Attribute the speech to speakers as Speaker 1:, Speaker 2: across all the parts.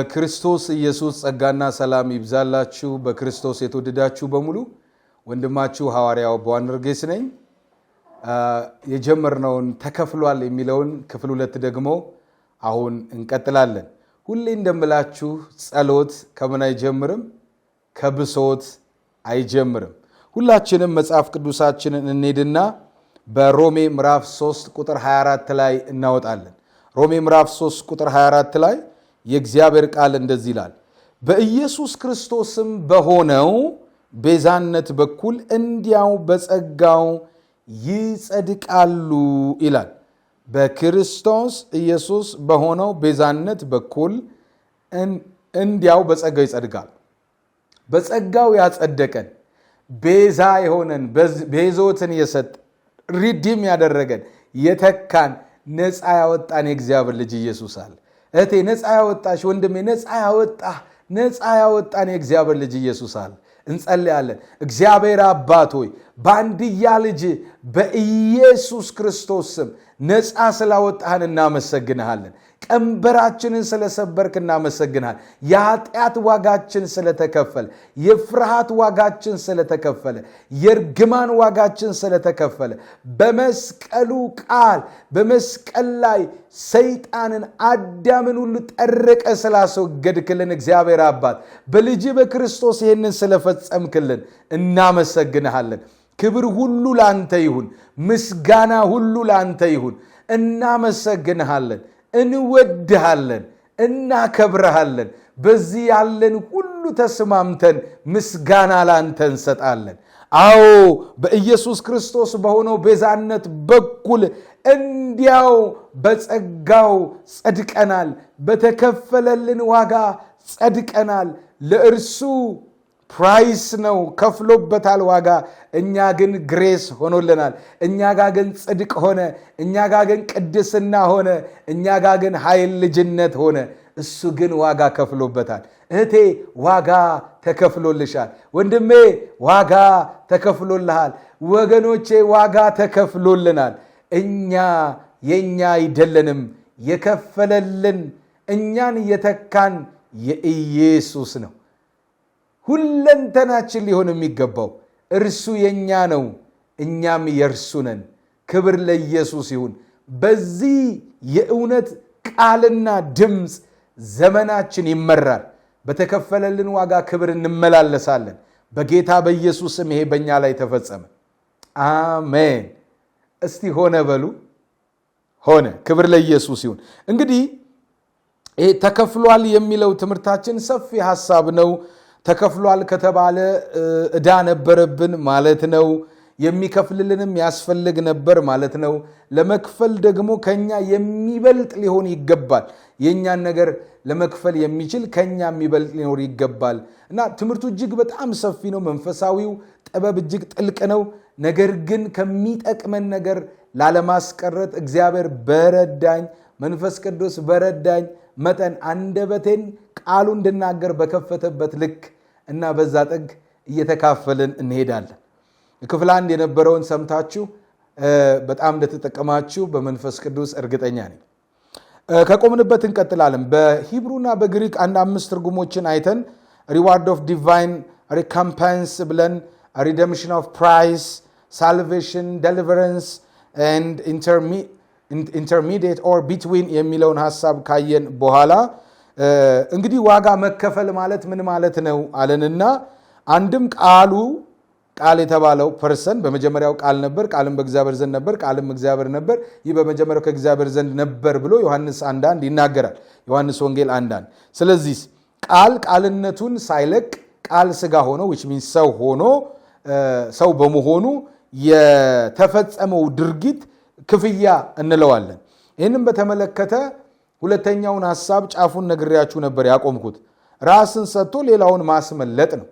Speaker 1: በክርስቶስ ኢየሱስ ጸጋና ሰላም ይብዛላችሁ። በክርስቶስ የተወደዳችሁ በሙሉ ወንድማችሁ ሐዋርያው በዋንርጌስ ነኝ። የጀመርነውን ተከፍሏል የሚለውን ክፍል ሁለት ደግሞ አሁን እንቀጥላለን። ሁሌ እንደምላችሁ ጸሎት ከምን አይጀምርም? ከብሶት አይጀምርም። ሁላችንም መጽሐፍ ቅዱሳችንን እንሄድና በሮሜ ምዕራፍ 3 ቁጥር 24 ላይ እናወጣለን። ሮሜ ምዕራፍ 3 ቁጥር 24 ላይ የእግዚአብሔር ቃል እንደዚህ ይላል፣ በኢየሱስ ክርስቶስም በሆነው ቤዛነት በኩል እንዲያው በጸጋው ይጸድቃሉ ይላል። በክርስቶስ ኢየሱስ በሆነው ቤዛነት በኩል እንዲያው በጸጋው ይጸድቃል። በጸጋው ያጸደቀን ቤዛ የሆነን ቤዞትን የሰጥ ሪዲም ያደረገን የተካን ነፃ ያወጣን የእግዚአብሔር ልጅ ኢየሱስ አለ። እቴ ነፃ ያወጣሽ፣ ወንድሜ ነፃ ያወጣ ነፃ ያወጣን የእግዚአብሔር ልጅ ኢየሱስ አለ። እንጸልያለን። እግዚአብሔር አባት ሆይ በአንድያ ልጅ በኢየሱስ ክርስቶስ ስም ነፃ ስላወጣህን እናመሰግንሃለን። ቀንበራችንን ስለሰበርክ እናመሰግናል። የኃጢአት ዋጋችን ስለተከፈለ፣ የፍርሃት ዋጋችን ስለተከፈለ፣ የእርግማን ዋጋችን ስለተከፈለ በመስቀሉ ቃል በመስቀል ላይ ሰይጣንን አዳምን ሁሉ ጠረቀ ስላስወገድክልን እግዚአብሔር አባት በልጅ በክርስቶስ ይህንን ስለፈጸምክልን እናመሰግንሃለን። ክብር ሁሉ ለአንተ ይሁን። ምስጋና ሁሉ ለአንተ ይሁን። እናመሰግንሃለን። እንወድሃለን፣ እናከብረሃለን። በዚህ ያለን ሁሉ ተስማምተን ምስጋና ላንተ እንሰጣለን። አዎ በኢየሱስ ክርስቶስ በሆነው ቤዛነት በኩል እንዲያው በጸጋው ጸድቀናል፣ በተከፈለልን ዋጋ ጸድቀናል። ለእርሱ ፕራይስ ነው ከፍሎበታል ዋጋ። እኛ ግን ግሬስ ሆኖልናል። እኛ ጋ ግን ጽድቅ ሆነ። እኛ ጋ ግን ቅድስና ሆነ። እኛ ጋ ግን ኃይል ልጅነት ሆነ። እሱ ግን ዋጋ ከፍሎበታል። እህቴ ዋጋ ተከፍሎልሻል። ወንድሜ ዋጋ ተከፍሎልሃል። ወገኖቼ ዋጋ ተከፍሎልናል። እኛ የእኛ አይደለንም። የከፈለልን እኛን የተካን የኢየሱስ ነው። ሁለንተናችን ሊሆን የሚገባው እርሱ የእኛ ነው፣ እኛም የእርሱ ነን። ክብር ለኢየሱስ ይሁን። በዚህ የእውነት ቃልና ድምፅ ዘመናችን ይመራል። በተከፈለልን ዋጋ ክብር እንመላለሳለን። በጌታ በኢየሱስም ይሄ በእኛ ላይ ተፈጸመ። አሜን። እስቲ ሆነ በሉ። ሆነ። ክብር ለኢየሱስ ይሁን። እንግዲህ ይሄ ተከፍሏል የሚለው ትምህርታችን ሰፊ ሀሳብ ነው። ተከፍሏል ከተባለ እዳ ነበረብን ማለት ነው። የሚከፍልልንም ያስፈልግ ነበር ማለት ነው። ለመክፈል ደግሞ ከኛ የሚበልጥ ሊሆን ይገባል። የእኛን ነገር ለመክፈል የሚችል ከኛ የሚበልጥ ሊኖር ይገባል እና ትምህርቱ እጅግ በጣም ሰፊ ነው። መንፈሳዊው ጥበብ እጅግ ጥልቅ ነው። ነገር ግን ከሚጠቅመን ነገር ላለማስቀረት እግዚአብሔር በረዳኝ መንፈስ ቅዱስ በረዳኝ መጠን አንደበቴን ቃሉ እንድናገር በከፈተበት ልክ እና በዛ ጠግ እየተካፈልን እንሄዳለን። ክፍል አንድ የነበረውን ሰምታችሁ በጣም እንደተጠቀማችሁ በመንፈስ ቅዱስ እርግጠኛ ነኝ። ከቆምንበት እንቀጥላለን። በሂብሩና በግሪክ አንድ አምስት ትርጉሞችን አይተን ሪዋርድ ኦፍ ዲቫይን ሪካምፓንስ ብለን ሪደምሽን ኦፍ ፕራይስ ሳልቬሽን ደሊቨረንስ ኢንተርሚ ኢንተርሚዲየት ኦር ቢትዊን የሚለውን ሀሳብ ካየን በኋላ እንግዲህ ዋጋ መከፈል ማለት ምን ማለት ነው አለንና አንድም ቃሉ ቃል የተባለው ፐርሰን በመጀመሪያው ቃል ነበር፣ ቃልም በእግዚአብሔር ዘንድ ነበር፣ ቃልም እግዚአብሔር ነበር፣ ይህ በመጀመሪያው ከእግዚአብሔር ዘንድ ነበር ብሎ ዮሐንስ አንዳንድ ይናገራል። ዮሐንስ ወንጌል አንዳንድ ስለዚህ ቃል ቃልነቱን ሳይለቅ ቃል ስጋ ሆኖ ዊች ሚንስ ሰው ሆኖ ሰው በመሆኑ የተፈጸመው ድርጊት ክፍያ እንለዋለን። ይህንም በተመለከተ ሁለተኛውን ሀሳብ ጫፉን ነግሬያችሁ ነበር ያቆምኩት፣ ራስን ሰጥቶ ሌላውን ማስመለጥ ነው።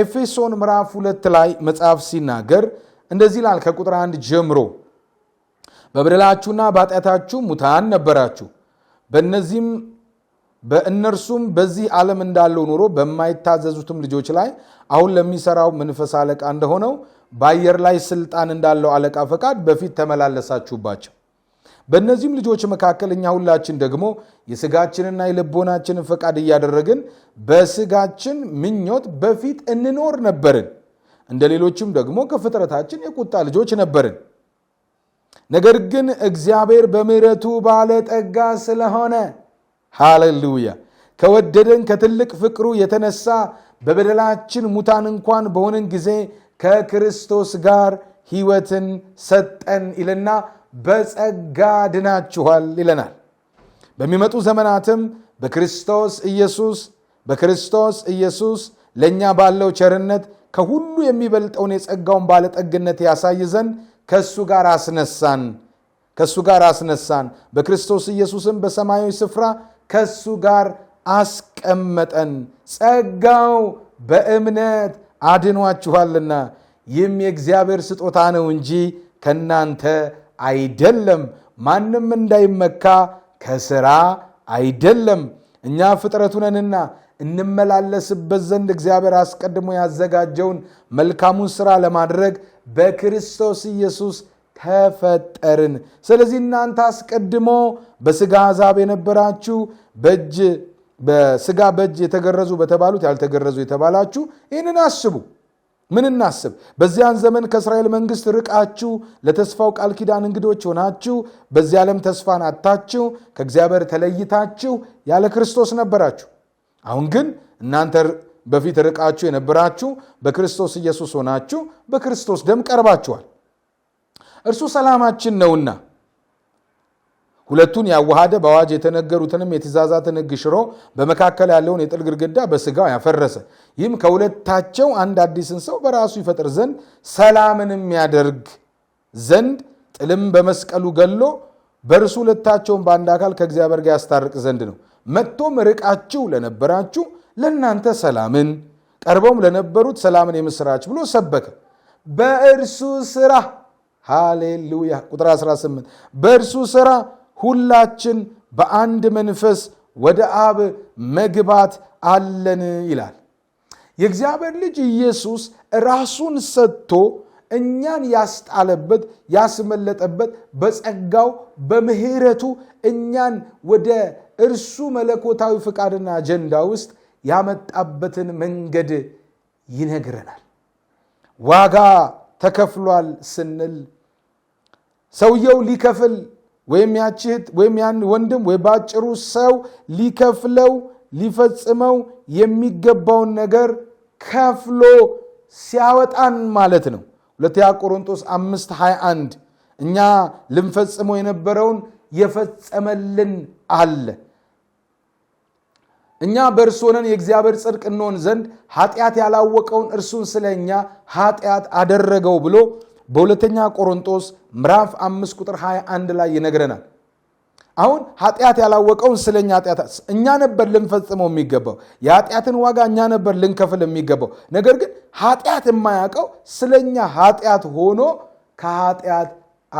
Speaker 1: ኤፌሶን ምዕራፍ ሁለት ላይ መጽሐፍ ሲናገር እንደዚህ ይላል ከቁጥር አንድ ጀምሮ በበደላችሁና በኃጢአታችሁ ሙታን ነበራችሁ፣ በእነዚህም በእነርሱም በዚህ ዓለም እንዳለው ኑሮ በማይታዘዙትም ልጆች ላይ አሁን ለሚሰራው መንፈስ አለቃ እንደሆነው በአየር ላይ ስልጣን እንዳለው አለቃ ፈቃድ በፊት ተመላለሳችሁባቸው። በእነዚህም ልጆች መካከል እኛ ሁላችን ደግሞ የስጋችንና የልቦናችንን ፈቃድ እያደረግን በስጋችን ምኞት በፊት እንኖር ነበርን። እንደ ሌሎችም ደግሞ ከፍጥረታችን የቁጣ ልጆች ነበርን። ነገር ግን እግዚአብሔር በምሕረቱ ባለጠጋ ስለሆነ ሃሌሉያ ከወደደን ከትልቅ ፍቅሩ የተነሳ በበደላችን ሙታን እንኳን በሆንን ጊዜ ከክርስቶስ ጋር ህይወትን ሰጠን ይልና በጸጋ ድናችኋል ይለናል። በሚመጡ ዘመናትም በክርስቶስ ኢየሱስ በክርስቶስ ኢየሱስ ለእኛ ባለው ቸርነት ከሁሉ የሚበልጠውን የጸጋውን ባለጠግነት ያሳይ ዘንድ ከእሱ ጋር አስነሳን ከእሱ ጋር አስነሳን በክርስቶስ ኢየሱስም በሰማያዊ ስፍራ ከእሱ ጋር አስቀመጠን። ጸጋው በእምነት አድኗችኋልና ይህም የእግዚአብሔር ስጦታ ነው እንጂ ከእናንተ አይደለም፣ ማንም እንዳይመካ ከስራ አይደለም። እኛ ፍጥረቱ ነንና እንመላለስበት ዘንድ እግዚአብሔር አስቀድሞ ያዘጋጀውን መልካሙን ስራ ለማድረግ በክርስቶስ ኢየሱስ ተፈጠርን። ስለዚህ እናንተ አስቀድሞ በስጋ አሕዛብ የነበራችሁ በእጅ በስጋ በእጅ የተገረዙ በተባሉት ያልተገረዙ የተባላችሁ ይህንን አስቡ። ምን እናስብ? በዚያን ዘመን ከእስራኤል መንግስት ርቃችሁ ለተስፋው ቃል ኪዳን እንግዶች ሆናችሁ በዚህ ዓለም ተስፋን አታችሁ ከእግዚአብሔር ተለይታችሁ ያለ ክርስቶስ ነበራችሁ። አሁን ግን እናንተ በፊት ርቃችሁ የነበራችሁ በክርስቶስ ኢየሱስ ሆናችሁ በክርስቶስ ደም ቀርባችኋል። እርሱ ሰላማችን ነውና ሁለቱን ያዋሃደ በአዋጅ የተነገሩትንም የትእዛዛትን ሕግ ሽሮ በመካከል ያለውን የጥል ግድግዳ በስጋው ያፈረሰ ይህም ከሁለታቸው አንድ አዲስን ሰው በራሱ ይፈጥር ዘንድ ሰላምንም ያደርግ ዘንድ ጥልም በመስቀሉ ገሎ በእርሱ ሁለታቸውን በአንድ አካል ከእግዚአብሔር ጋር ያስታርቅ ዘንድ ነው። መጥቶም ርቃችሁ ለነበራችሁ ለእናንተ ሰላምን፣ ቀርበውም ለነበሩት ሰላምን የምስራች ብሎ ሰበከ። በእርሱ ስራ ሃሌሉያ። ቁጥር 18 በእርሱ ስራ ሁላችን በአንድ መንፈስ ወደ አብ መግባት አለን ይላል። የእግዚአብሔር ልጅ ኢየሱስ ራሱን ሰጥቶ እኛን ያስጣለበት ያስመለጠበት በጸጋው በምሕረቱ እኛን ወደ እርሱ መለኮታዊ ፍቃድና አጀንዳ ውስጥ ያመጣበትን መንገድ ይነግረናል። ዋጋ ተከፍሏል ስንል ሰውየው ሊከፍል ወይም ያችት ወይም ያን ወንድም ወይ ባጭሩ ሰው ሊከፍለው ሊፈጽመው የሚገባውን ነገር ከፍሎ ሲያወጣን ማለት ነው። ሁለተኛ ቆሮንቶስ አምስት 21 እኛ ልንፈጽመው የነበረውን የፈጸመልን አለ። እኛ በእርሱ ሆነን የእግዚአብሔር ጽድቅ እንሆን ዘንድ ኃጢአት ያላወቀውን እርሱን ስለ እኛ ኃጢአት አደረገው ብሎ በሁለተኛ ቆሮንጦስ ምዕራፍ አምስት ቁጥር 21 ላይ ይነግረናል። አሁን ኃጢአት ያላወቀውን ስለኛ እኛ ኃጢአት እኛ ነበር ልንፈጽመው የሚገባው የኃጢአትን ዋጋ እኛ ነበር ልንከፍል የሚገባው ነገር ግን ኃጢአት የማያውቀው ስለኛ ኃጢአት ሆኖ ከኃጢአት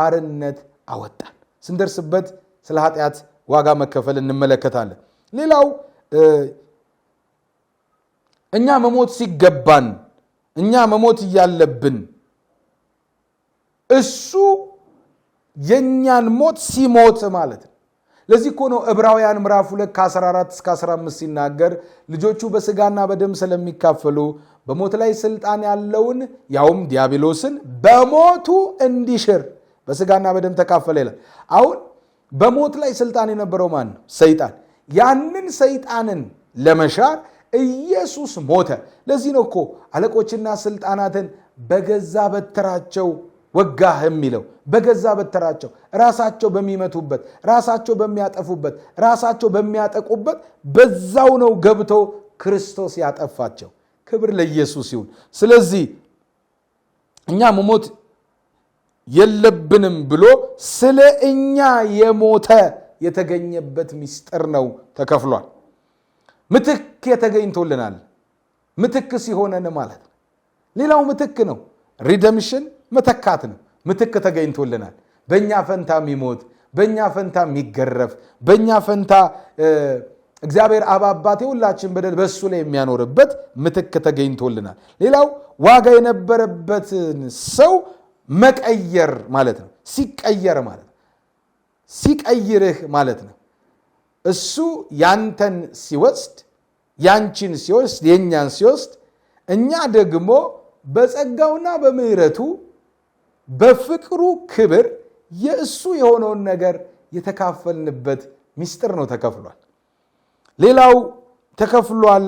Speaker 1: አርነት አወጣን። ስንደርስበት ስለ ኃጢአት ዋጋ መከፈል እንመለከታለን። ሌላው እኛ መሞት ሲገባን እኛ መሞት እያለብን እሱ የእኛን ሞት ሲሞት ማለት ነው። ለዚህ እኮ ነው ዕብራውያን ምዕራፍ 2 ከ14 እስከ 15 ሲናገር ልጆቹ በስጋና በደም ስለሚካፈሉ በሞት ላይ ስልጣን ያለውን ያውም ዲያብሎስን በሞቱ እንዲሽር በስጋና በደም ተካፈለ ይላል። አሁን በሞት ላይ ስልጣን የነበረው ማን ነው? ሰይጣን። ያንን ሰይጣንን ለመሻር ኢየሱስ ሞተ። ለዚህ ነው እኮ አለቆችና ስልጣናትን በገዛ በትራቸው ወጋህ የሚለው በገዛ በተራቸው ራሳቸው በሚመቱበት ራሳቸው በሚያጠፉበት ራሳቸው በሚያጠቁበት በዛው ነው ገብቶ ክርስቶስ ያጠፋቸው። ክብር ለኢየሱስ ይሁን። ስለዚህ እኛ መሞት የለብንም ብሎ ስለ እኛ የሞተ የተገኘበት ምስጢር ነው። ተከፍሏል። ምትክ የተገኝቶልናል። ምትክ ሲሆነን ማለት ሌላው ምትክ ነው። ሪደምሽን መተካት ነው። ምትክ ተገኝቶልናል። በእኛ ፈንታ የሚሞት በእኛ ፈንታ የሚገረፍ በእኛ ፈንታ እግዚአብሔር አብ አባቴ ሁላችን በደል በእሱ ላይ የሚያኖርበት ምትክ ተገኝቶልናል። ሌላው ዋጋ የነበረበትን ሰው መቀየር ማለት ነው። ሲቀየር ማለት ነው። ሲቀይርህ ማለት ነው። እሱ ያንተን ሲወስድ፣ ያንቺን ሲወስድ፣ የእኛን ሲወስድ እኛ ደግሞ በጸጋውና በምሕረቱ በፍቅሩ ክብር የእሱ የሆነውን ነገር የተካፈልንበት ምስጢር ነው። ተከፍሏል። ሌላው ተከፍሏል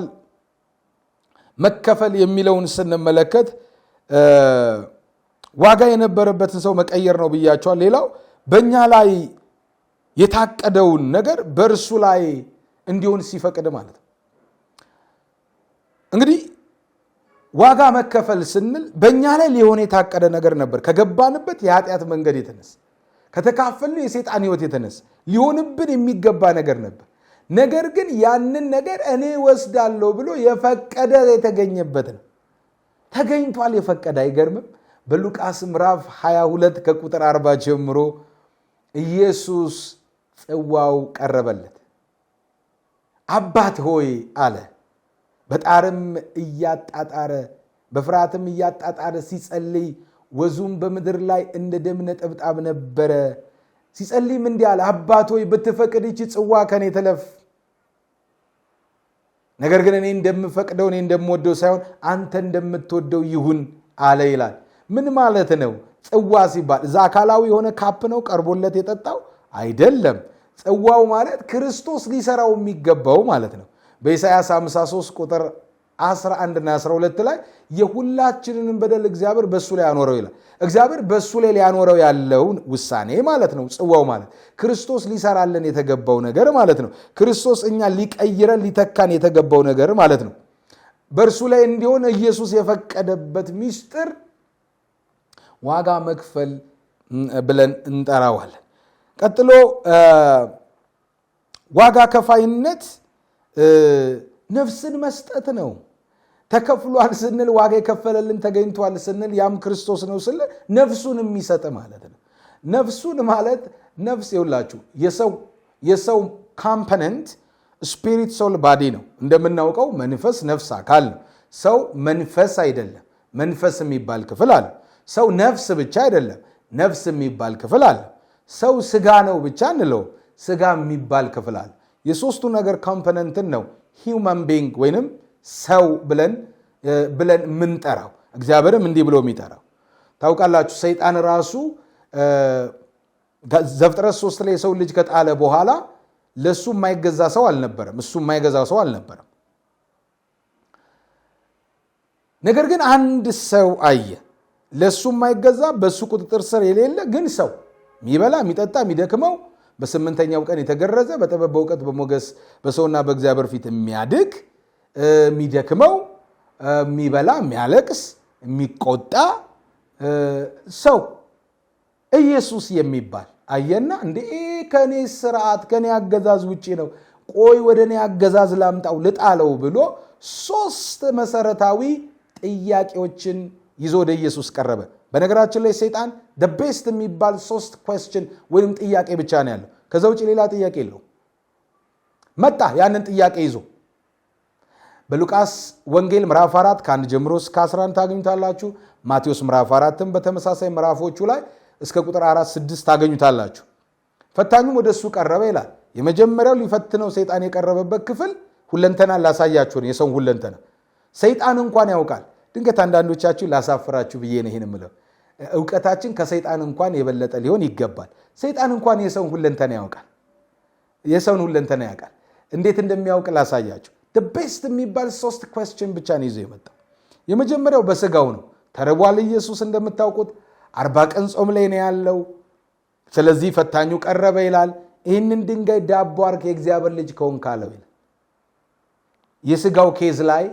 Speaker 1: መከፈል የሚለውን ስንመለከት ዋጋ የነበረበትን ሰው መቀየር ነው ብያቸዋል። ሌላው በእኛ ላይ የታቀደውን ነገር በእርሱ ላይ እንዲሆን ሲፈቅድ ማለት ነው። እንግዲህ ዋጋ መከፈል ስንል በእኛ ላይ ሊሆን የታቀደ ነገር ነበር። ከገባንበት የኃጢአት መንገድ የተነስ ከተካፈሉ የሴጣን ህይወት የተነሳ ሊሆንብን የሚገባ ነገር ነበር። ነገር ግን ያንን ነገር እኔ ወስዳለሁ ብሎ የፈቀደ የተገኘበት ነው። ተገኝቷል፣ የፈቀደ አይገርምም። በሉቃስ ምዕራፍ 22 ከቁጥር 40 ጀምሮ ኢየሱስ ጽዋው ቀረበለት። አባት ሆይ አለ በጣርም እያጣጣረ በፍርሃትም እያጣጣረ ሲጸልይ ወዙም በምድር ላይ እንደ ደም ነጠብጣብ ነበረ። ሲጸልይም እንዲህ አለ፣ አባት ሆይ ብትፈቅድ ይቺ ጽዋ ከኔ ትለፍ፣ ነገር ግን እኔ እንደምፈቅደው እኔ እንደምወደው ሳይሆን አንተ እንደምትወደው ይሁን አለ ይላል። ምን ማለት ነው? ጽዋ ሲባል እዛ አካላዊ የሆነ ካፕ ነው ቀርቦለት የጠጣው አይደለም። ጽዋው ማለት ክርስቶስ ሊሰራው የሚገባው ማለት ነው። በኢሳያስ 53 ቁጥር 11 እና 12 ላይ የሁላችንንም በደል እግዚአብሔር በእሱ ላይ ያኖረው ይላል። እግዚአብሔር በእሱ ላይ ሊያኖረው ያለውን ውሳኔ ማለት ነው። ጽዋው ማለት ክርስቶስ ሊሰራልን የተገባው ነገር ማለት ነው። ክርስቶስ እኛ ሊቀይረን ሊተካን የተገባው ነገር ማለት ነው። በእርሱ ላይ እንዲሆን ኢየሱስ የፈቀደበት ሚስጥር ዋጋ መክፈል ብለን እንጠራዋለን። ቀጥሎ ዋጋ ከፋይነት ነፍስን መስጠት ነው። ተከፍሏል ስንል ዋጋ የከፈለልን ተገኝቷል ስንል ያም ክርስቶስ ነው ስንል ነፍሱን የሚሰጥ ማለት ነው። ነፍሱን ማለት ነፍስ የውላችሁ የሰው ካምፐነንት ስፒሪት ሶል ባዲ ነው። እንደምናውቀው መንፈስ ነፍስ አካል ነው። ሰው መንፈስ አይደለም። መንፈስ የሚባል ክፍል አለ። ሰው ነፍስ ብቻ አይደለም። ነፍስ የሚባል ክፍል አለ። ሰው ስጋ ነው ብቻ እንለው፣ ስጋ የሚባል ክፍል አለ። የሶስቱ ነገር ኮምፖነንትን ነው ሂውማን ቢንግ ወይንም ሰው ብለን ብለን የምንጠራው እግዚአብሔርም እንዲህ ብሎ የሚጠራው ታውቃላችሁ። ሰይጣን ራሱ ዘፍጥረት ሶስት ላይ የሰው ልጅ ከጣለ በኋላ ለእሱ የማይገዛ ሰው አልነበረም፣ እሱ የማይገዛ ሰው አልነበረም። ነገር ግን አንድ ሰው አየ፣ ለእሱ የማይገዛ በእሱ ቁጥጥር ስር የሌለ ግን ሰው የሚበላ የሚጠጣ የሚደክመው በስምንተኛው ቀን የተገረዘ በጥበብ በእውቀት በሞገስ በሰውና በእግዚአብሔር ፊት የሚያድግ የሚደክመው የሚበላ የሚያለቅስ የሚቆጣ ሰው ኢየሱስ የሚባል አየና፣ እንዴ ከእኔ ስርዓት ከኔ አገዛዝ ውጪ ነው፣ ቆይ ወደ እኔ አገዛዝ ላምጣው ልጣለው ብሎ ሶስት መሰረታዊ ጥያቄዎችን ይዞ ወደ ኢየሱስ ቀረበ። በነገራችን ላይ ሰይጣን ደ ቤስት የሚባል ሶስት ኮስችን ወይም ጥያቄ ብቻ ነው ያለው። ከዛ ውጭ ሌላ ጥያቄ የለው። መጣ ያንን ጥያቄ ይዞ በሉቃስ ወንጌል ምራፍ አራት ከአንድ ጀምሮ እስከ 11 ታገኙታላችሁ። ማቴዎስ ምራፍ አራትም በተመሳሳይ ምዕራፎቹ ላይ እስከ ቁጥር አራት ስድስት ታገኙታላችሁ። ፈታኙም ወደ እሱ ቀረበ ይላል። የመጀመሪያው ሊፈትነው ሰይጣን የቀረበበት ክፍል ሁለንተና ላሳያችሁን የሰውን ሁለንተና ሰይጣን እንኳን ያውቃል ድንገት አንዳንዶቻችሁ ላሳፍራችሁ ብዬ ነው ይህን የምለው። እውቀታችን ከሰይጣን እንኳን የበለጠ ሊሆን ይገባል። ሰይጣን እንኳን የሰውን ሁለንተና ያውቃል። የሰውን ሁለንተና ያውቃል። እንዴት እንደሚያውቅ ላሳያችሁ። ቤስት የሚባል ሶስት ኮስችን ብቻ ነው ይዞ የመጣው። የመጀመሪያው በስጋው ነው። ተርቧል ኢየሱስ እንደምታውቁት አርባ ቀን ጾም ላይ ነው ያለው። ስለዚህ ፈታኙ ቀረበ ይላል። ይህንን ድንጋይ ዳቦ አድርግ የእግዚአብሔር ልጅ ከሆንክ አለው ይላል። የስጋው ኬዝ ላይ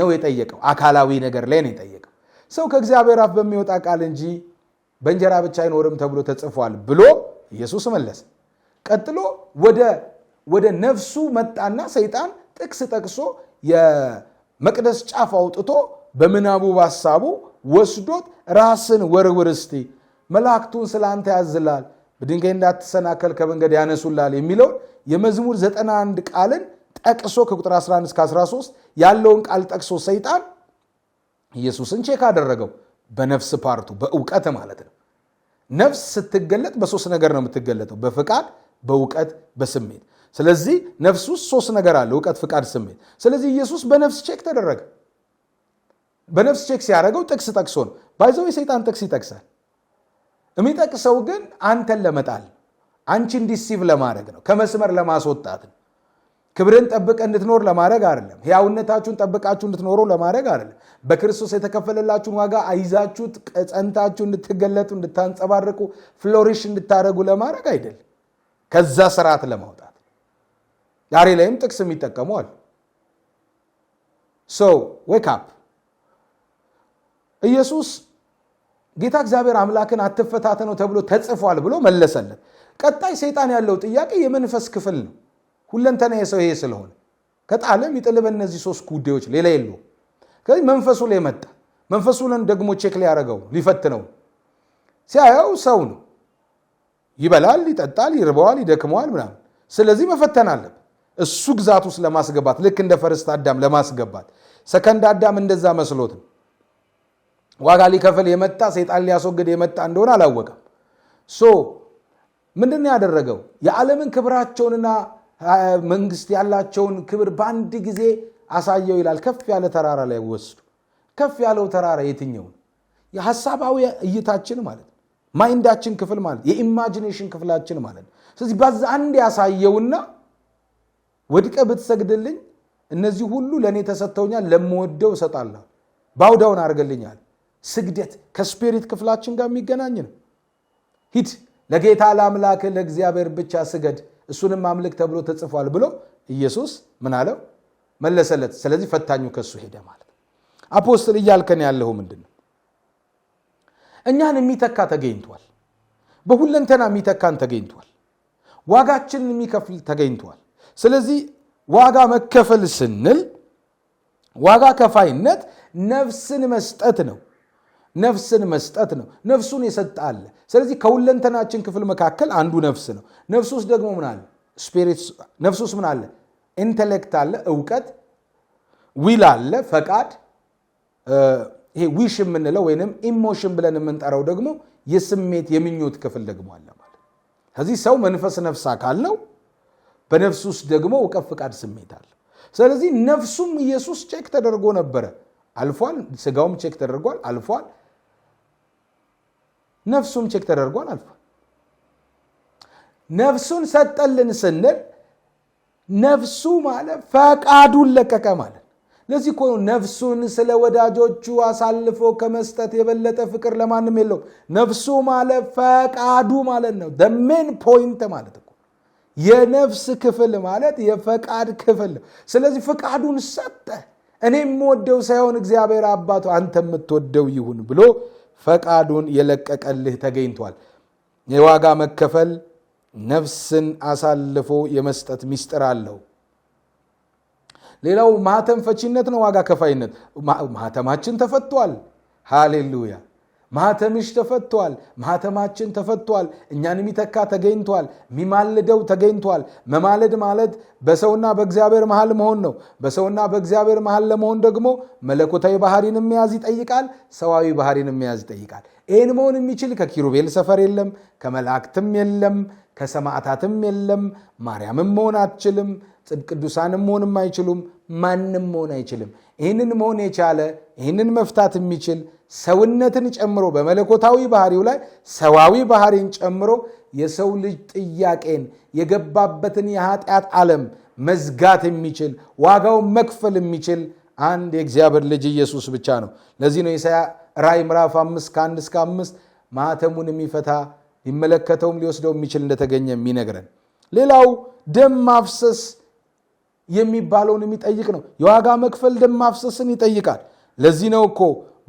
Speaker 1: ነው የጠየቀው። አካላዊ ነገር ላይ ነው የጠየቀው። ሰው ከእግዚአብሔር አፍ በሚወጣ ቃል እንጂ በእንጀራ ብቻ አይኖርም ተብሎ ተጽፏል ብሎ ኢየሱስ መለሰ። ቀጥሎ ወደ ነፍሱ መጣና ሰይጣን ጥቅስ ጠቅሶ የመቅደስ ጫፍ አውጥቶ በምናቡ ባሳቡ ወስዶት ራስን ወርውር እስቲ መላእክቱን ስለ አንተ ያዝላል፣ በድንጋይ እንዳትሰናከል ከመንገድ ያነሱላል የሚለውን የመዝሙር ዘጠና ቃልን ጠቅሶ ከቁጥር 11 እስከ 13 ያለውን ቃል ጠቅሶ ሰይጣን ኢየሱስን ቼክ አደረገው። በነፍስ ፓርቱ በእውቀት ማለት ነው። ነፍስ ስትገለጥ በሶስት ነገር ነው የምትገለጠው፣ በፍቃድ፣ በእውቀት፣ በስሜት። ስለዚህ ነፍስ ውስጥ ሶስት ነገር አለ፣ እውቀት፣ ፍቃድ፣ ስሜት። ስለዚህ ኢየሱስ በነፍስ ቼክ ተደረገ። በነፍስ ቼክ ሲያደረገው ጥቅስ ጠቅሶ ነው። ባይዘው የሰይጣን ጥቅስ ይጠቅሳል። የሚጠቅሰው ግን አንተን ለመጣል አንቺን ዲሲቭ ለማድረግ ነው፣ ከመስመር ለማስወጣት ነው። ክብርን ጠብቀ እንድትኖር ለማድረግ አይደለም። ሕያውነታችሁን ጠብቃችሁ እንድትኖሩ ለማድረግ አይደለም። በክርስቶስ የተከፈለላችሁን ዋጋ አይዛችሁ ጸንታችሁ እንድትገለጡ፣ እንድታንጸባርቁ፣ ፍሎሪሽ እንድታደረጉ ለማድረግ አይደለም። ከዛ ስርዓት ለማውጣት ዛሬ ላይም ጥቅስ ይጠቀመዋል። ሶ ዌክ አፕ ኢየሱስ ጌታ እግዚአብሔር አምላክን አትፈታተነው ተብሎ ተጽፏል ብሎ መለሰለት። ቀጣይ ሰይጣን ያለው ጥያቄ የመንፈስ ክፍል ነው። ሁለንተና የሰው ይሄ ስለሆነ ከጣለም ይጥልበ እነዚህ ሶስት ጉዳዮች ሌላ የለው። ከዚህ መንፈሱ ላይ መጣ። መንፈሱን ደግሞ ቼክ ሊያደርገው ሊፈትነው ሲያየው ሰው ነው። ይበላል፣ ይጠጣል፣ ይርበዋል፣ ይደክመዋል ምናምን። ስለዚህ መፈተን አለብን። እሱ ግዛት ውስጥ ለማስገባት ልክ እንደ ፈርስት አዳም ለማስገባት ሰከንድ አዳም እንደዛ መስሎት ዋጋ ሊከፍል የመጣ ሰይጣን ሊያስወግድ የመጣ እንደሆነ አላወቀም። ሶ ምንድን ያደረገው? የዓለምን ክብራቸውንና መንግስት ያላቸውን ክብር በአንድ ጊዜ አሳየው ይላል። ከፍ ያለ ተራራ ላይ ወስዱ። ከፍ ያለው ተራራ የትኛው የሀሳባዊ እይታችን ማለት ነው። ማይንዳችን ክፍል ማለት የኢማጂኔሽን ክፍላችን ማለት ነው። ስለዚህ በዛ አንድ ያሳየውና ወድቀ ብትሰግድልኝ እነዚህ ሁሉ ለእኔ ተሰጥተውኛል፣ ለምወደው እሰጣለሁ፣ ባውዳውን አድርገልኛል። ስግደት ከስፒሪት ክፍላችን ጋር የሚገናኝ ነው። ሂድ ለጌታ ለአምላክ ለእግዚአብሔር ብቻ ስገድ እሱንም አምልክ ተብሎ ተጽፏል ብሎ ኢየሱስ ምን አለው መለሰለት። ስለዚህ ፈታኙ ከሱ ሄደ ማለት ነው። አፖስትል እያልከን ያለው ምንድን ነው? እኛን የሚተካ ተገኝቷል። በሁለንተና የሚተካን ተገኝቷል። ዋጋችንን የሚከፍል ተገኝቷል። ስለዚህ ዋጋ መከፈል ስንል ዋጋ ከፋይነት ነፍስን መስጠት ነው። ነፍስን መስጠት ነው። ነፍሱን የሰጣለ። ስለዚህ ከሁለንተናችን ክፍል መካከል አንዱ ነፍስ ነው። ነፍስ ውስጥ ደግሞ ምን አለ? ነፍስ ውስጥ ምን አለ? ኢንቴሌክት አለ፣ እውቀት፣ ዊል አለ፣ ፈቃድ። ይሄ ዊሽ የምንለው ወይንም ኢሞሽን ብለን የምንጠራው ደግሞ የስሜት የምኞት ክፍል ደግሞ አለ ማለት። ከዚህ ሰው መንፈስ ነፍስ አካል ነው። በነፍስ ውስጥ ደግሞ እውቀት፣ ፈቃድ፣ ስሜት አለ። ስለዚህ ነፍሱም ኢየሱስ ቼክ ተደርጎ ነበረ፣ አልፏል። ስጋውም ቼክ ተደርጓል፣ አልፏል። ነፍሱም ቼክ ተደርጓል አልፏል። ነፍሱን ሰጠልን ስንል ነፍሱ ማለት ፈቃዱን ለቀቀ ማለት። ለዚህ እኮ ነፍሱን ስለ ወዳጆቹ አሳልፎ ከመስጠት የበለጠ ፍቅር ለማንም የለውም። ነፍሱ ማለት ፈቃዱ ማለት ነው። ሜን ፖይንት ማለት የነፍስ ክፍል ማለት የፈቃድ ክፍል ነው። ስለዚህ ፈቃዱን ሰጠ። እኔ የምወደው ሳይሆን እግዚአብሔር አባቱ አንተ የምትወደው ይሁን ብሎ ፈቃዱን የለቀቀልህ ተገኝቷል። የዋጋ መከፈል ነፍስን አሳልፎ የመስጠት ምስጢር አለው። ሌላው ማህተም ፈቺነት ነው። ዋጋ ከፋይነት ማህተማችን ተፈቷል። ሃሌሉያ ማህተምሽ ተፈቷል፣ ማህተማችን ተፈቷል፣ እኛን የሚተካ ተገኝቷል፣ የሚማልደው ተገኝቷል። መማለድ ማለት በሰውና በእግዚአብሔር መሃል መሆን ነው። በሰውና በእግዚአብሔር መሃል ለመሆን ደግሞ መለኮታዊ ባህሪን የሚያዝ ይጠይቃል፣ ሰዋዊ ባህሪን መያዝ ይጠይቃል። ይህን መሆን የሚችል ከኪሩቤል ሰፈር የለም፣ ከመላእክትም የለም፣ ከሰማዕታትም የለም። ማርያምም መሆን አትችልም። ጽድቅ ቅዱሳንም መሆንም አይችሉም። ማንም መሆን አይችልም። ይህንን መሆን የቻለ ይህንን መፍታት የሚችል ሰውነትን ጨምሮ በመለኮታዊ ባህሪው ላይ ሰዋዊ ባህሪን ጨምሮ የሰው ልጅ ጥያቄን የገባበትን የኃጢአት ዓለም መዝጋት የሚችል ዋጋው መክፈል የሚችል አንድ የእግዚአብሔር ልጅ ኢየሱስ ብቻ ነው። ለዚህ ነው ኢሳያ ራይ ምዕራፍ አምስት ከአንድ እስከ አምስት ማተሙን የሚፈታ ሊመለከተውም ሊወስደው የሚችል እንደተገኘ የሚነግረን። ሌላው ደም ማፍሰስ የሚባለውን የሚጠይቅ ነው። የዋጋ መክፈል ደም ማፍሰስን ይጠይቃል። ለዚህ ነው እኮ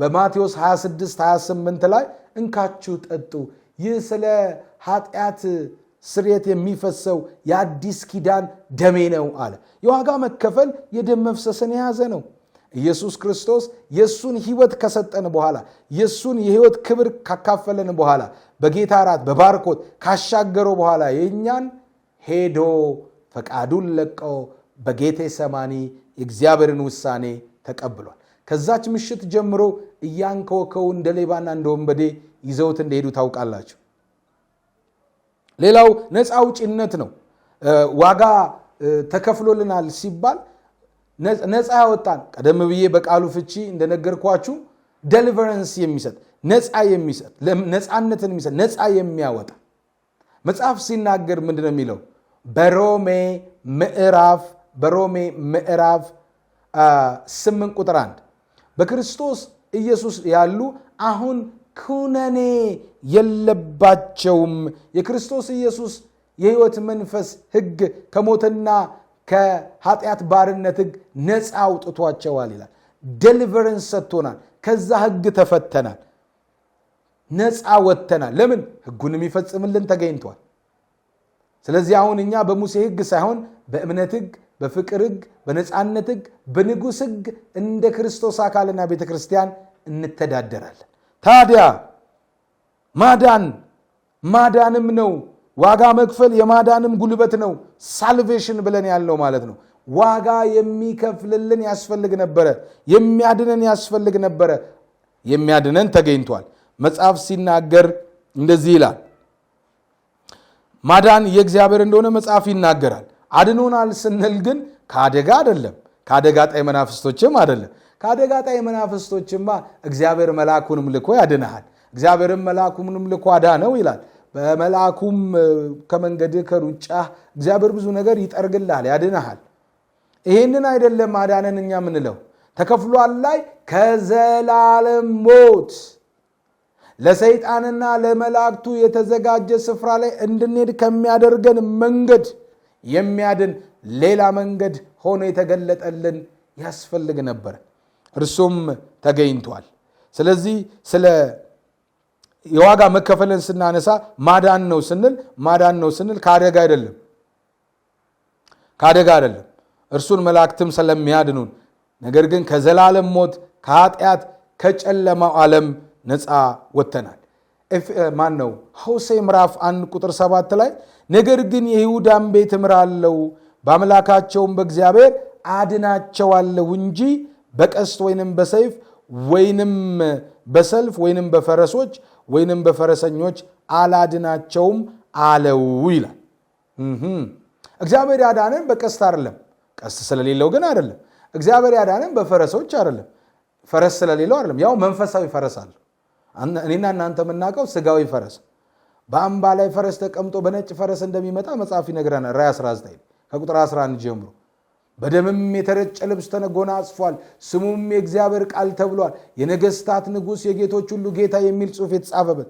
Speaker 1: በማቴዎስ 26 28 ላይ እንካችሁ ጠጡ፣ ይህ ስለ ኃጢአት ስርየት የሚፈሰው የአዲስ ኪዳን ደሜ ነው አለ። የዋጋ መከፈል የደም መፍሰስን የያዘ ነው። ኢየሱስ ክርስቶስ የእሱን ህይወት ከሰጠን በኋላ የእሱን የህይወት ክብር ካካፈለን በኋላ በጌታ አራት በባርኮት ካሻገረው በኋላ የእኛን ሄዶ ፈቃዱን ለቀው በጌቴ ሰማኒ የእግዚአብሔርን ውሳኔ ተቀብሏል። ከዛች ምሽት ጀምሮ እያንከወከው እንደ ሌባና እንደ ወንበዴ ይዘውት እንደሄዱ ታውቃላችሁ። ሌላው ነፃ አውጪነት ነው። ዋጋ ተከፍሎልናል ሲባል ነፃ ያወጣን ቀደም ብዬ በቃሉ ፍቺ እንደነገርኳችሁ ደሊቨረንስ የሚሰጥ ነፃ የሚሰጥ ነፃነትን የሚሰጥ ነፃ የሚያወጣ መጽሐፍ ሲናገር ምንድነው የሚለው? በሮሜ ምዕራፍ በሮሜ ምዕራፍ ስምንት ቁጥር አንድ በክርስቶስ ኢየሱስ ያሉ አሁን ኩነኔ የለባቸውም። የክርስቶስ ኢየሱስ የሕይወት መንፈስ ሕግ ከሞትና ከኃጢአት ባርነት ሕግ ነፃ አውጥቷቸዋል ይላል። ደሊቨረንስ ሰጥቶናል። ከዛ ሕግ ተፈተናል፣ ነፃ ወጥተናል። ለምን? ሕጉን የሚፈጽምልን ተገኝቷል። ስለዚህ አሁን እኛ በሙሴ ሕግ ሳይሆን በእምነት ሕግ በፍቅር ህግ በነፃነት ህግ በንጉሥ ህግ እንደ ክርስቶስ አካልና ቤተ ክርስቲያን እንተዳደራለን። ታዲያ ማዳን ማዳንም ነው ዋጋ መክፈል የማዳንም ጉልበት ነው። ሳልቬሽን ብለን ያለው ማለት ነው። ዋጋ የሚከፍልልን ያስፈልግ ነበረ፣ የሚያድነን ያስፈልግ ነበረ። የሚያድነን ተገኝቷል። መጽሐፍ ሲናገር እንደዚህ ይላል። ማዳን የእግዚአብሔር እንደሆነ መጽሐፍ ይናገራል። አድኖናል ስንል ግን ከአደጋ አይደለም፣ ከአደጋ ጣይ መናፍስቶችም አይደለም። ከአደጋ ጣይ መናፍስቶችማ እግዚአብሔር መልአኩንም ልኮ ያድንሃል። እግዚአብሔርም መልአኩንም ልኮ አዳነው ይላል። በመልአኩም ከመንገድ ከሩጫህ እግዚአብሔር ብዙ ነገር ይጠርግልሃል፣ ያድንሃል። ይህንን አይደለም አዳነን እኛ ምንለው ተከፍሏል ላይ ከዘላለም ሞት ለሰይጣንና ለመላእክቱ የተዘጋጀ ስፍራ ላይ እንድንሄድ ከሚያደርገን መንገድ የሚያድን ሌላ መንገድ ሆኖ የተገለጠልን ያስፈልግ ነበር። እርሱም ተገኝቷል። ስለዚህ ስለ የዋጋ መከፈልን ስናነሳ ማዳን ነው ስንል ማዳን ነው ስንል ከአደጋ አይደለም ከአደጋ አይደለም እርሱን መላእክትም ስለሚያድኑን ነገር ግን ከዘላለም ሞት ከኃጢአት ከጨለማው ዓለም ነፃ ወጥተናል። ማን ነው ሐውሴ ምዕራፍ አንድ ቁጥር ሰባት ላይ ነገር ግን የይሁዳን ቤት አለው በአምላካቸውም በእግዚአብሔር አድናቸዋለሁ እንጂ በቀስት ወይንም በሰይፍ ወይንም በሰልፍ ወይንም በፈረሶች ወይንም በፈረሰኞች አላድናቸውም አለው ይላል። እግዚአብሔር ያዳንን በቀስት አይደለም። ቀስት ስለሌለው ግን አይደለም። እግዚአብሔር ያዳንን በፈረሶች አይደለም። ፈረስ ስለሌለው አይደለም። ያው መንፈሳዊ ፈረስ አለ እኔና እናንተ የምናውቀው ስጋዊ ፈረስ በአምባ ላይ ፈረስ ተቀምጦ በነጭ ፈረስ እንደሚመጣ መጽሐፍ ይነግረናል። ራዕይ 19 ከቁጥር 11 ጀምሮ በደምም የተረጨ ልብስ ተጎናጽፏል፣ ስሙም የእግዚአብሔር ቃል ተብሏል፣ የነገስታት ንጉሥ የጌቶች ሁሉ ጌታ የሚል ጽሑፍ የተጻፈበት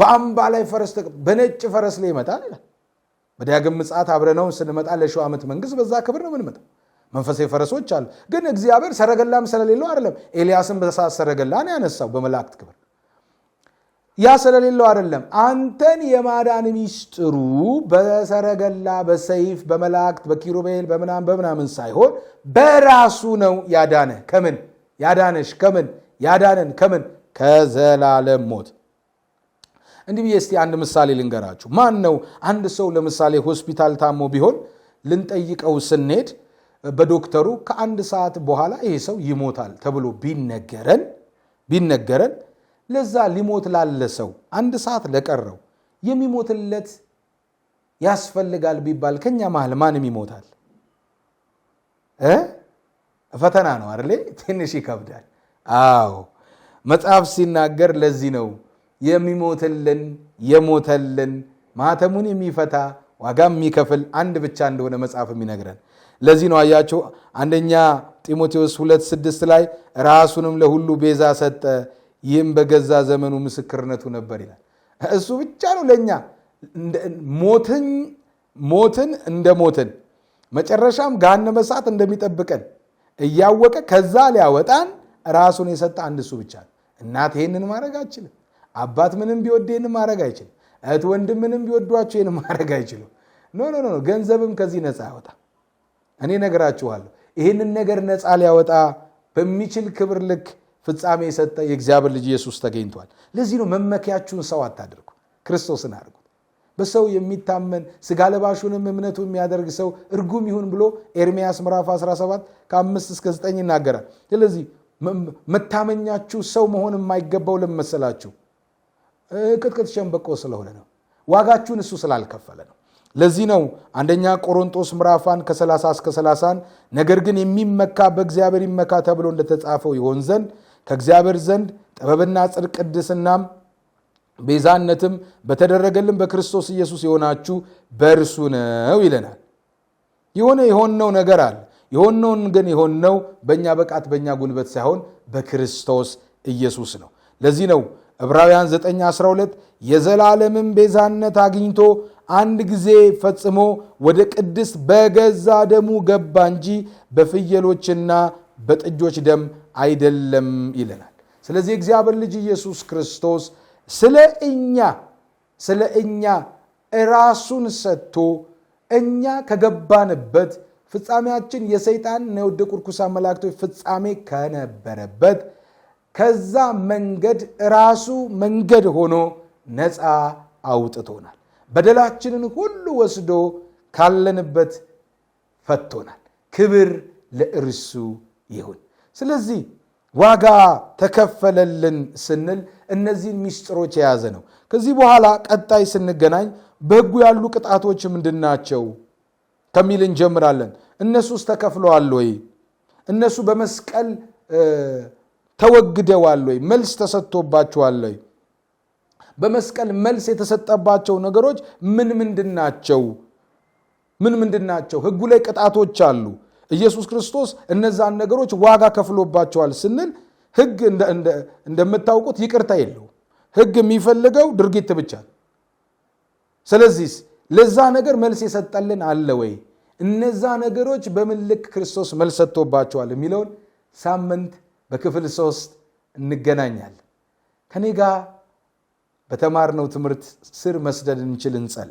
Speaker 1: በአምባ ላይ ፈረስ በነጭ ፈረስ ላይ ይመጣል ይላል። በዳግም ምጽአት አብረነው ስንመጣ ለሺው ዓመት መንግስት በዛ ክብር ነው የምንመጣው። መንፈሳዊ ፈረሶች አሉ። ግን እግዚአብሔር ሰረገላም ስለሌለው አይደለም። ኤልያስን በሳት ሰረገላ ነው ያነሳው በመላእክት ክብር። ያ ስለሌለው አይደለም። አንተን የማዳን ሚስጥሩ በሰረገላ በሰይፍ በመላእክት በኪሩቤል በምናም በምናምን ሳይሆን በራሱ ነው ያዳነ ከምን ያዳነሽ? ከምን ያዳነን? ከምን ከዘላለም ሞት። እንዲህ ብዬ እስቲ አንድ ምሳሌ ልንገራችሁ። ማን ነው አንድ ሰው ለምሳሌ ሆስፒታል ታሞ ቢሆን ልንጠይቀው ስንሄድ በዶክተሩ ከአንድ ሰዓት በኋላ ይሄ ሰው ይሞታል ተብሎ ቢነገረን ቢነገረን ለዛ ሊሞት ላለ ሰው አንድ ሰዓት ለቀረው የሚሞትለት ያስፈልጋል ቢባል ከኛ መሀል ማንም ይሞታል? ፈተና ነው አይደል? ትንሽ ይከብዳል። አዎ መጽሐፍ ሲናገር ለዚህ ነው የሚሞትልን የሞተልን ማተሙን የሚፈታ ዋጋ የሚከፍል አንድ ብቻ እንደሆነ መጽሐፍ የሚነግረን ለዚህ ነው አያቸው አንደኛ ጢሞቴዎስ ሁለት ስድስት ላይ ራሱንም ለሁሉ ቤዛ ሰጠ፣ ይህም በገዛ ዘመኑ ምስክርነቱ ነበር ይላል። እሱ ብቻ ነው ለእኛ ሞትን እንደ ሞትን መጨረሻም ጋነ መሳት እንደሚጠብቀን እያወቀ ከዛ ሊያወጣን ራሱን የሰጠ አንድ እሱ ብቻ ነው። እናት ይህንን ማድረግ አችልም። አባት ምንም ቢወድ ይህን ማድረግ አይችልም። እህት ወንድም ምንም ቢወዷቸው ይህን ማድረግ አይችሉም። ኖ ኖ ኖ ገንዘብም ከዚህ ነፃ ያወጣ እኔ ነገራችኋለሁ ይህንን ነገር ነፃ ሊያወጣ በሚችል ክብር ልክ ፍጻሜ የሰጠ የእግዚአብሔር ልጅ ኢየሱስ ተገኝቷል። ለዚህ ነው መመኪያችሁን ሰው አታድርጉ፣ ክርስቶስን አድርጉት። በሰው የሚታመን ስጋ ለባሹንም እምነቱ የሚያደርግ ሰው እርጉም ይሁን ብሎ ኤርሚያስ ምዕራፍ 17 ከ5 እስከ 9 ይናገራል። ስለዚህ መታመኛችሁ ሰው መሆን የማይገባው ለመሰላችሁ ቅጥቅጥ ሸንበቆ ስለሆነ ነው። ዋጋችሁን እሱ ስላልከፈለ ነው። ለዚህ ነው አንደኛ ቆሮንጦስ ምዕራፋን ከ30 እስከ 30 ነገር ግን የሚመካ በእግዚአብሔር ይመካ ተብሎ እንደተጻፈው ይሆን ዘንድ ከእግዚአብሔር ዘንድ ጥበብና ጽድቅ ቅድስናም ቤዛነትም በተደረገልን በክርስቶስ ኢየሱስ የሆናችሁ በእርሱ ነው ይለናል። የሆነ የሆንነው ነገር አለ። የሆንነውን ግን የሆንነው በእኛ በቃት በእኛ ጉልበት ሳይሆን በክርስቶስ ኢየሱስ ነው። ለዚህ ነው ዕብራውያን 9 12 የዘላለምን ቤዛነት አግኝቶ አንድ ጊዜ ፈጽሞ ወደ ቅድስ በገዛ ደሙ ገባ እንጂ በፍየሎችና በጥጆች ደም አይደለም ይለናል። ስለዚህ እግዚአብሔር ልጅ ኢየሱስ ክርስቶስ ስለ እኛ ስለ እኛ ራሱን ሰጥቶ እኛ ከገባንበት ፍጻሜያችን የሰይጣን የወደቁ ርኩሳን መላእክቶች ፍጻሜ ከነበረበት ከዛ መንገድ ራሱ መንገድ ሆኖ ነፃ አውጥቶናል። በደላችንን ሁሉ ወስዶ ካለንበት ፈቶናል። ክብር ለእርሱ ይሁን። ስለዚህ ዋጋ ተከፈለልን ስንል እነዚህን ምስጢሮች የያዘ ነው። ከዚህ በኋላ ቀጣይ ስንገናኝ በሕጉ ያሉ ቅጣቶች ምንድናቸው ከሚል እንጀምራለን። እነሱስ ተከፍለዋል ወይ? እነሱ በመስቀል ተወግደዋል ወይ? መልስ ተሰጥቶባቸዋል ወይ? በመስቀል መልስ የተሰጠባቸው ነገሮች ምን ምንድን ናቸው? ምን ምንድን ናቸው? ህጉ ላይ ቅጣቶች አሉ። ኢየሱስ ክርስቶስ እነዛን ነገሮች ዋጋ ከፍሎባቸዋል ስንል ህግ እንደምታውቁት ይቅርታ የለው። ህግ የሚፈልገው ድርጊት ብቻ ስለዚህ ለዛ ነገር መልስ የሰጠልን አለ ወይ? እነዛ ነገሮች በምን ልክ ክርስቶስ መልስ ሰጥቶባቸዋል የሚለውን ሳምንት በክፍል ሶስት እንገናኛለን። ከኔ ጋር በተማርነው ትምህርት ስር መስደድ እንችል እንጸል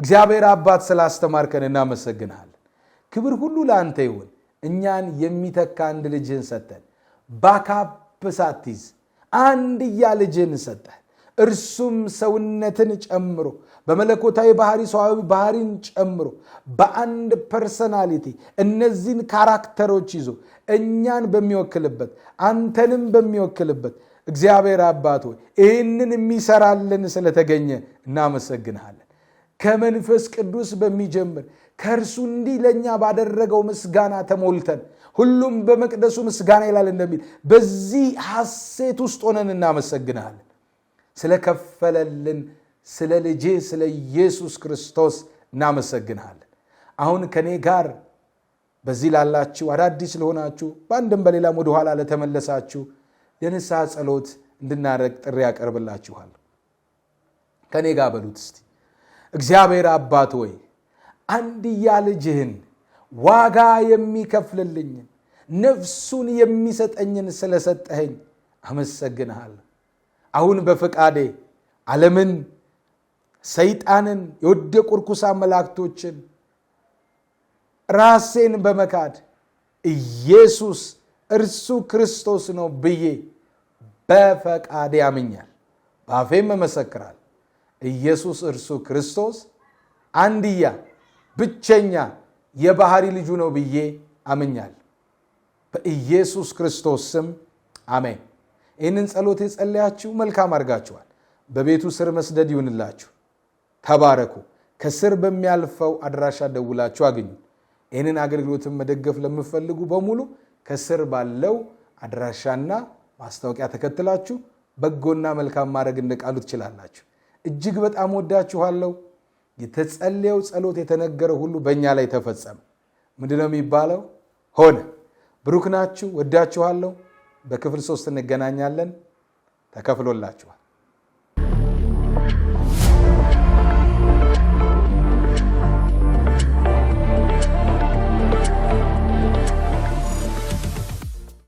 Speaker 1: እግዚአብሔር አባት ስላስተማርከን እናመሰግንሃለን። ክብር ሁሉ ለአንተ ይሁን። እኛን የሚተካ አንድ ልጅህን ሰጠን። ባካፕ ሳትይዝ አንድያ ልጅህን ሰጠ እርሱም ሰውነትን ጨምሮ በመለኮታዊ ባህሪ ሰዋዊ ባህሪን ጨምሮ በአንድ ፐርሰናሊቲ እነዚህን ካራክተሮች ይዞ እኛን በሚወክልበት አንተንም በሚወክልበት እግዚአብሔር አባት ሆይ ይህንን የሚሰራልን ስለተገኘ እናመሰግንሃለን። ከመንፈስ ቅዱስ በሚጀምር ከእርሱ እንዲህ ለእኛ ባደረገው ምስጋና ተሞልተን ሁሉም በመቅደሱ ምስጋና ይላል እንደሚል በዚህ ሐሴት ውስጥ ሆነን እናመሰግንሃለን። ስለከፈለልን ስለ ልጄ ስለ ኢየሱስ ክርስቶስ እናመሰግንሃለን። አሁን ከእኔ ጋር በዚህ ላላችሁ አዳዲስ ለሆናችሁ፣ በአንድም በሌላም ወደኋላ ለተመለሳችሁ የንስሐ ጸሎት እንድናደረግ ጥሪ ያቀርብላችኋል። ከእኔ ጋር በሉት እስቲ። እግዚአብሔር አባት ወይ አንድያ ልጅህን ዋጋ የሚከፍልልኝን ነፍሱን የሚሰጠኝን ስለሰጠኸኝ አመሰግንሃል። አሁን በፈቃዴ ዓለምን፣ ሰይጣንን፣ የወደቁ ርኩሳ መላእክቶችን ራሴን በመካድ ኢየሱስ እርሱ ክርስቶስ ነው ብዬ በፈቃድ ያምኛል፣ በአፌም መሰክራል ኢየሱስ እርሱ ክርስቶስ አንድያ ብቸኛ የባህሪ ልጁ ነው ብዬ አምኛል። በኢየሱስ ክርስቶስ ስም አሜን። ይህንን ጸሎት የጸለያችሁ መልካም አድርጋችኋል። በቤቱ ስር መስደድ ይሁንላችሁ። ተባረኩ። ከስር በሚያልፈው አድራሻ ደውላችሁ አግኙ። ይህንን አገልግሎትን መደገፍ ለምፈልጉ በሙሉ ከስር ባለው አድራሻና ማስታወቂያ ተከትላችሁ በጎና መልካም ማድረግ እንደቃሉ ትችላላችሁ። እጅግ በጣም ወዳችኋለሁ። የተጸለየው ጸሎት የተነገረ ሁሉ በእኛ ላይ ተፈጸመ። ምንድነው የሚባለው? ሆነ። ብሩክ ናችሁ። ወዳችኋለሁ። በክፍል ሶስት እንገናኛለን። ተከፍሎላችኋል።